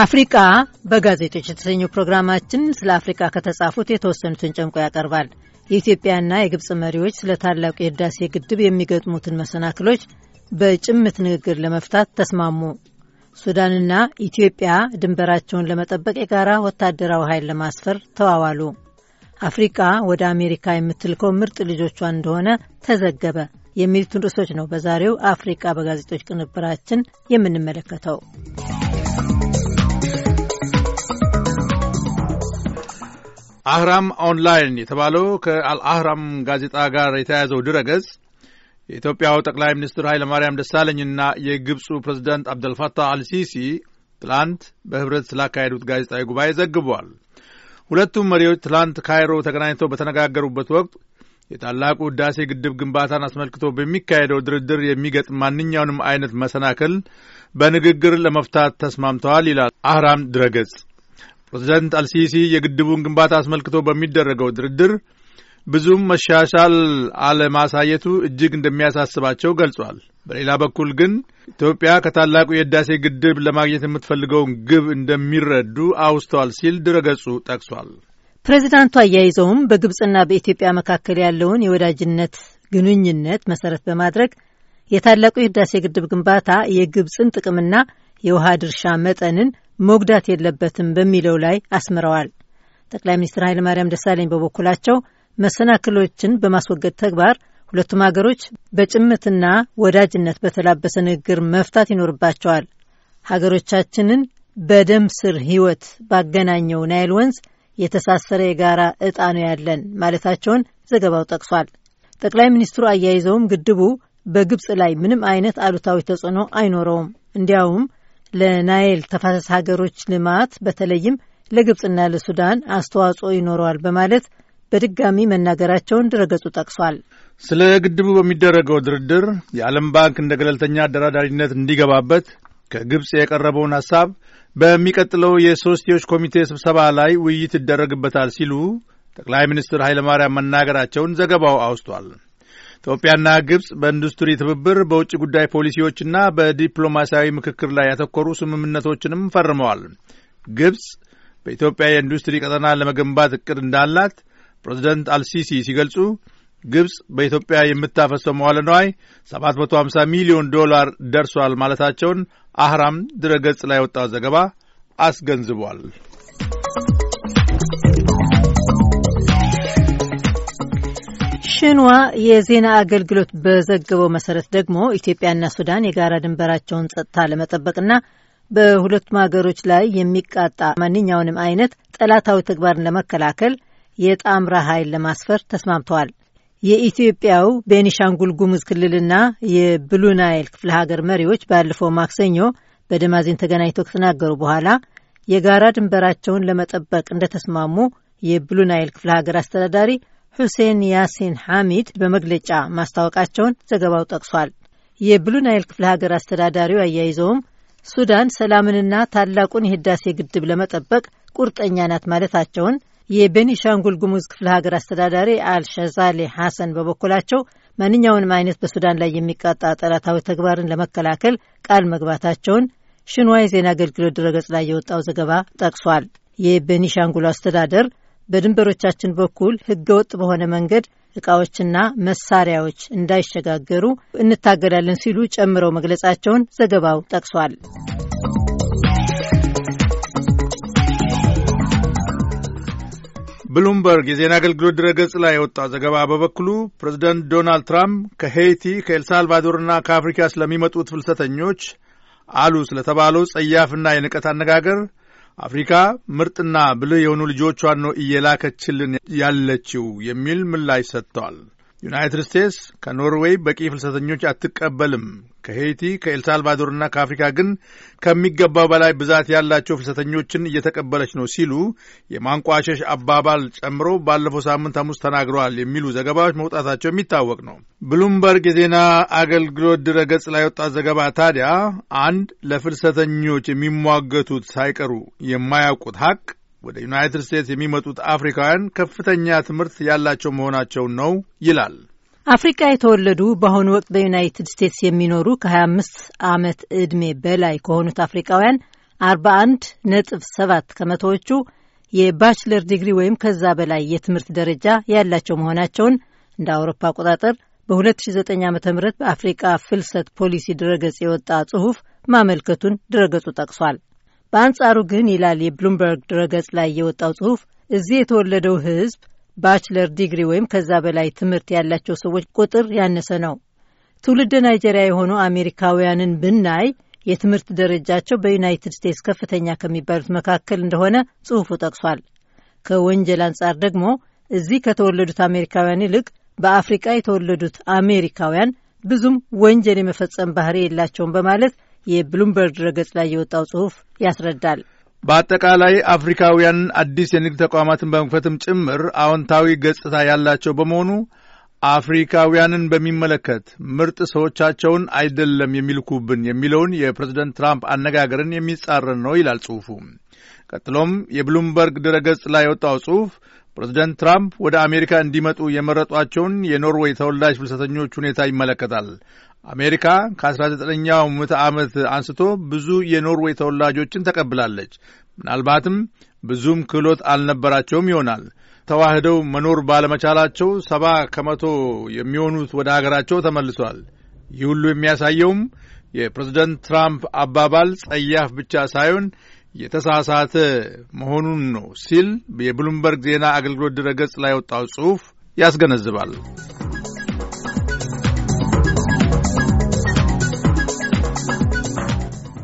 አፍሪቃ በጋዜጦች የተሰኘው ፕሮግራማችን ስለ አፍሪቃ ከተጻፉት የተወሰኑትን ጨምቆ ያቀርባል። የኢትዮጵያና የግብፅ መሪዎች ስለ ታላቁ የህዳሴ ግድብ የሚገጥሙትን መሰናክሎች በጭምት ንግግር ለመፍታት ተስማሙ። ሱዳንና ኢትዮጵያ ድንበራቸውን ለመጠበቅ የጋራ ወታደራዊ ኃይል ለማስፈር ተዋዋሉ። አፍሪቃ ወደ አሜሪካ የምትልከው ምርጥ ልጆቿን እንደሆነ ተዘገበ። የሚሉትን ርዕሶች ነው በዛሬው አፍሪቃ በጋዜጦች ቅንብራችን የምንመለከተው። አህራም ኦንላይን የተባለው ከአልአህራም ጋዜጣ ጋር የተያያዘው ድረገጽ የኢትዮጵያው ጠቅላይ ሚኒስትር ኃይለ ማርያም ደሳለኝና የግብፁ ፕሬዚዳንት አብደልፋታህ አልሲሲ ትላንት በህብረት ስላካሄዱት ጋዜጣዊ ጉባኤ ዘግቧል። ሁለቱም መሪዎች ትላንት ካይሮ ተገናኝተው በተነጋገሩበት ወቅት የታላቁ ህዳሴ ግድብ ግንባታን አስመልክቶ በሚካሄደው ድርድር የሚገጥም ማንኛውንም አይነት መሰናክል በንግግር ለመፍታት ተስማምተዋል ይላል አህራም ድረገጽ። ፕሬዚዳንት አልሲሲ የግድቡን ግንባታ አስመልክቶ በሚደረገው ድርድር ብዙም መሻሻል አለማሳየቱ እጅግ እንደሚያሳስባቸው ገልጿል። በሌላ በኩል ግን ኢትዮጵያ ከታላቁ የህዳሴ ግድብ ለማግኘት የምትፈልገውን ግብ እንደሚረዱ አውስተዋል ሲል ድረገጹ ጠቅሷል። ፕሬዚዳንቱ አያይዘውም በግብፅና በኢትዮጵያ መካከል ያለውን የወዳጅነት ግንኙነት መሰረት በማድረግ የታላቁ የህዳሴ ግድብ ግንባታ የግብፅን ጥቅምና የውሃ ድርሻ መጠንን መጉዳት የለበትም በሚለው ላይ አስምረዋል። ጠቅላይ ሚኒስትር ኃይለማርያም ደሳለኝ በበኩላቸው መሰናክሎችን በማስወገድ ተግባር ሁለቱም ሀገሮች በጭምትና ወዳጅነት በተላበሰ ንግግር መፍታት ይኖርባቸዋል። ሀገሮቻችንን በደም ስር ህይወት ባገናኘው ናይል ወንዝ የተሳሰረ የጋራ እጣ ነው ያለን ማለታቸውን ዘገባው ጠቅሷል። ጠቅላይ ሚኒስትሩ አያይዘውም ግድቡ በግብፅ ላይ ምንም አይነት አሉታዊ ተጽዕኖ አይኖረውም። እንዲያውም ለናይል ተፋሰስ ሀገሮች ልማት በተለይም ለግብፅና ለሱዳን አስተዋጽኦ ይኖረዋል በማለት በድጋሚ መናገራቸውን ድረገጹ ጠቅሷል። ስለ ግድቡ በሚደረገው ድርድር የዓለም ባንክ እንደ ገለልተኛ አደራዳሪነት እንዲገባበት ከግብፅ የቀረበውን ሐሳብ በሚቀጥለው የሶስትዮሽ ኮሚቴ ስብሰባ ላይ ውይይት ይደረግበታል ሲሉ ጠቅላይ ሚኒስትር ኃይለማርያም መናገራቸውን ዘገባው አውስቷል። ኢትዮጵያና ግብጽ በኢንዱስትሪ ትብብር በውጭ ጉዳይ ፖሊሲዎችና በዲፕሎማሲያዊ ምክክር ላይ ያተኮሩ ስምምነቶችንም ፈርመዋል። ግብጽ በኢትዮጵያ የኢንዱስትሪ ቀጠና ለመገንባት እቅድ እንዳላት ፕሬዚደንት አልሲሲ ሲገልጹ ግብጽ በኢትዮጵያ የምታፈሰው መዋለ ነዋይ 750 ሚሊዮን ዶላር ደርሷል ማለታቸውን አህራም ድረገጽ ላይ ወጣው ዘገባ አስገንዝቧል። ሺንዋ የዜና አገልግሎት በዘገበው መሰረት ደግሞ ኢትዮጵያና ሱዳን የጋራ ድንበራቸውን ጸጥታ ለመጠበቅና በሁለቱም ሀገሮች ላይ የሚቃጣ ማንኛውንም አይነት ጠላታዊ ተግባርን ለመከላከል የጣምራ ኃይል ለማስፈር ተስማምተዋል። የኢትዮጵያው ቤኒሻንጉል ጉሙዝ ክልልና የብሉናይል ክፍለ ሀገር መሪዎች ባለፈው ማክሰኞ በደማዚን ተገናኝተው ከተናገሩ በኋላ የጋራ ድንበራቸውን ለመጠበቅ እንደተስማሙ የብሉናይል ክፍለ ሀገር አስተዳዳሪ ሁሴን ያሲን ሐሚድ በመግለጫ ማስታወቃቸውን ዘገባው ጠቅሷል። የብሉ ናይል ክፍለ ሀገር አስተዳዳሪው አያይዘውም ሱዳን ሰላምንና ታላቁን የህዳሴ ግድብ ለመጠበቅ ቁርጠኛ ናት ማለታቸውን የቤኒሻንጉል ጉሙዝ ክፍለ ሀገር አስተዳዳሪ አልሸዛሌ ሐሰን በበኩላቸው ማንኛውንም አይነት በሱዳን ላይ የሚቃጣ ጠላታዊ ተግባርን ለመከላከል ቃል መግባታቸውን ሽንዋይ ዜና አገልግሎት ድረገጽ ላይ የወጣው ዘገባ ጠቅሷል። የቤኒሻንጉል አስተዳደር በድንበሮቻችን በኩል ህገወጥ በሆነ መንገድ እቃዎችና መሳሪያዎች እንዳይሸጋገሩ እንታገዳለን ሲሉ ጨምረው መግለጻቸውን ዘገባው ጠቅሷል። ብሉምበርግ የዜና አገልግሎት ድረገጽ ላይ የወጣ ዘገባ በበኩሉ ፕሬዚደንት ዶናልድ ትራምፕ ከሄይቲ ከኤልሳልቫዶርና ከአፍሪካ ስለሚመጡት ፍልሰተኞች አሉ ስለተባለው ጸያፍና የንቀት አነጋገር አፍሪካ ምርጥና ብልህ የሆኑ ልጆቿን ነው እየላከችልን ያለችው የሚል ምላሽ ሰጥተዋል። ዩናይትድ ስቴትስ ከኖርዌይ በቂ ፍልሰተኞች አትቀበልም። ከሄይቲ ከኤልሳልቫዶርና ከአፍሪካ ግን ከሚገባው በላይ ብዛት ያላቸው ፍልሰተኞችን እየተቀበለች ነው ሲሉ የማንቋሸሽ አባባል ጨምሮ ባለፈው ሳምንት ሐሙስ ተናግረዋል የሚሉ ዘገባዎች መውጣታቸው የሚታወቅ ነው። ብሉምበርግ የዜና አገልግሎት ድረገጽ ላይ ወጣት ዘገባ ታዲያ አንድ ለፍልሰተኞች የሚሟገቱት ሳይቀሩ የማያውቁት ሀቅ ወደ ዩናይትድ ስቴትስ የሚመጡት አፍሪካውያን ከፍተኛ ትምህርት ያላቸው መሆናቸውን ነው ይላል። አፍሪካ የተወለዱ በአሁኑ ወቅት በዩናይትድ ስቴትስ የሚኖሩ ከ25 ዓመት ዕድሜ በላይ ከሆኑት አፍሪካውያን 41 ነጥብ 7 ከመቶዎቹ የባችለር ዲግሪ ወይም ከዛ በላይ የትምህርት ደረጃ ያላቸው መሆናቸውን እንደ አውሮፓ አቆጣጠር በ2009 ዓ ም በአፍሪቃ ፍልሰት ፖሊሲ ድረገጽ የወጣ ጽሑፍ ማመልከቱን ድረገጹ ጠቅሷል። በአንጻሩ ግን ይላል የብሉምበርግ ድረገጽ ላይ የወጣው ጽሑፍ እዚህ የተወለደው ህዝብ ባችለር ዲግሪ ወይም ከዛ በላይ ትምህርት ያላቸው ሰዎች ቁጥር ያነሰ ነው። ትውልደ ናይጄሪያ የሆኑ አሜሪካውያንን ብናይ የትምህርት ደረጃቸው በዩናይትድ ስቴትስ ከፍተኛ ከሚባሉት መካከል እንደሆነ ጽሑፉ ጠቅሷል። ከወንጀል አንጻር ደግሞ እዚህ ከተወለዱት አሜሪካውያን ይልቅ በአፍሪቃ የተወለዱት አሜሪካውያን ብዙም ወንጀል የመፈጸም ባህሪ የላቸውም በማለት የብሉምበርግ ድረገጽ ላይ የወጣው ጽሑፍ ያስረዳል። በአጠቃላይ አፍሪካውያን አዲስ የንግድ ተቋማትን በመክፈትም ጭምር አዎንታዊ ገጽታ ያላቸው በመሆኑ አፍሪካውያንን በሚመለከት ምርጥ ሰዎቻቸውን አይደለም የሚልኩብን የሚለውን የፕሬዝደንት ትራምፕ አነጋገርን የሚጻረን ነው ይላል ጽሑፉ። ቀጥሎም የብሉምበርግ ድረገጽ ላይ የወጣው ጽሑፍ ፕሬዝደንት ትራምፕ ወደ አሜሪካ እንዲመጡ የመረጧቸውን የኖርዌይ ተወላጅ ፍልሰተኞች ሁኔታ ይመለከታል። አሜሪካ ከ19ኛው ምዕተ ዓመት አንስቶ ብዙ የኖርዌይ ተወላጆችን ተቀብላለች። ምናልባትም ብዙም ክህሎት አልነበራቸውም ይሆናል። ተዋህደው መኖር ባለመቻላቸው ሰባ ከመቶ የሚሆኑት ወደ አገራቸው ተመልሷል። ይህ ሁሉ የሚያሳየውም የፕሬዝደንት ትራምፕ አባባል ጸያፍ ብቻ ሳይሆን የተሳሳተ መሆኑን ነው ሲል የብሉምበርግ ዜና አገልግሎት ድረገጽ ላይ ወጣው ጽሑፍ ያስገነዝባል።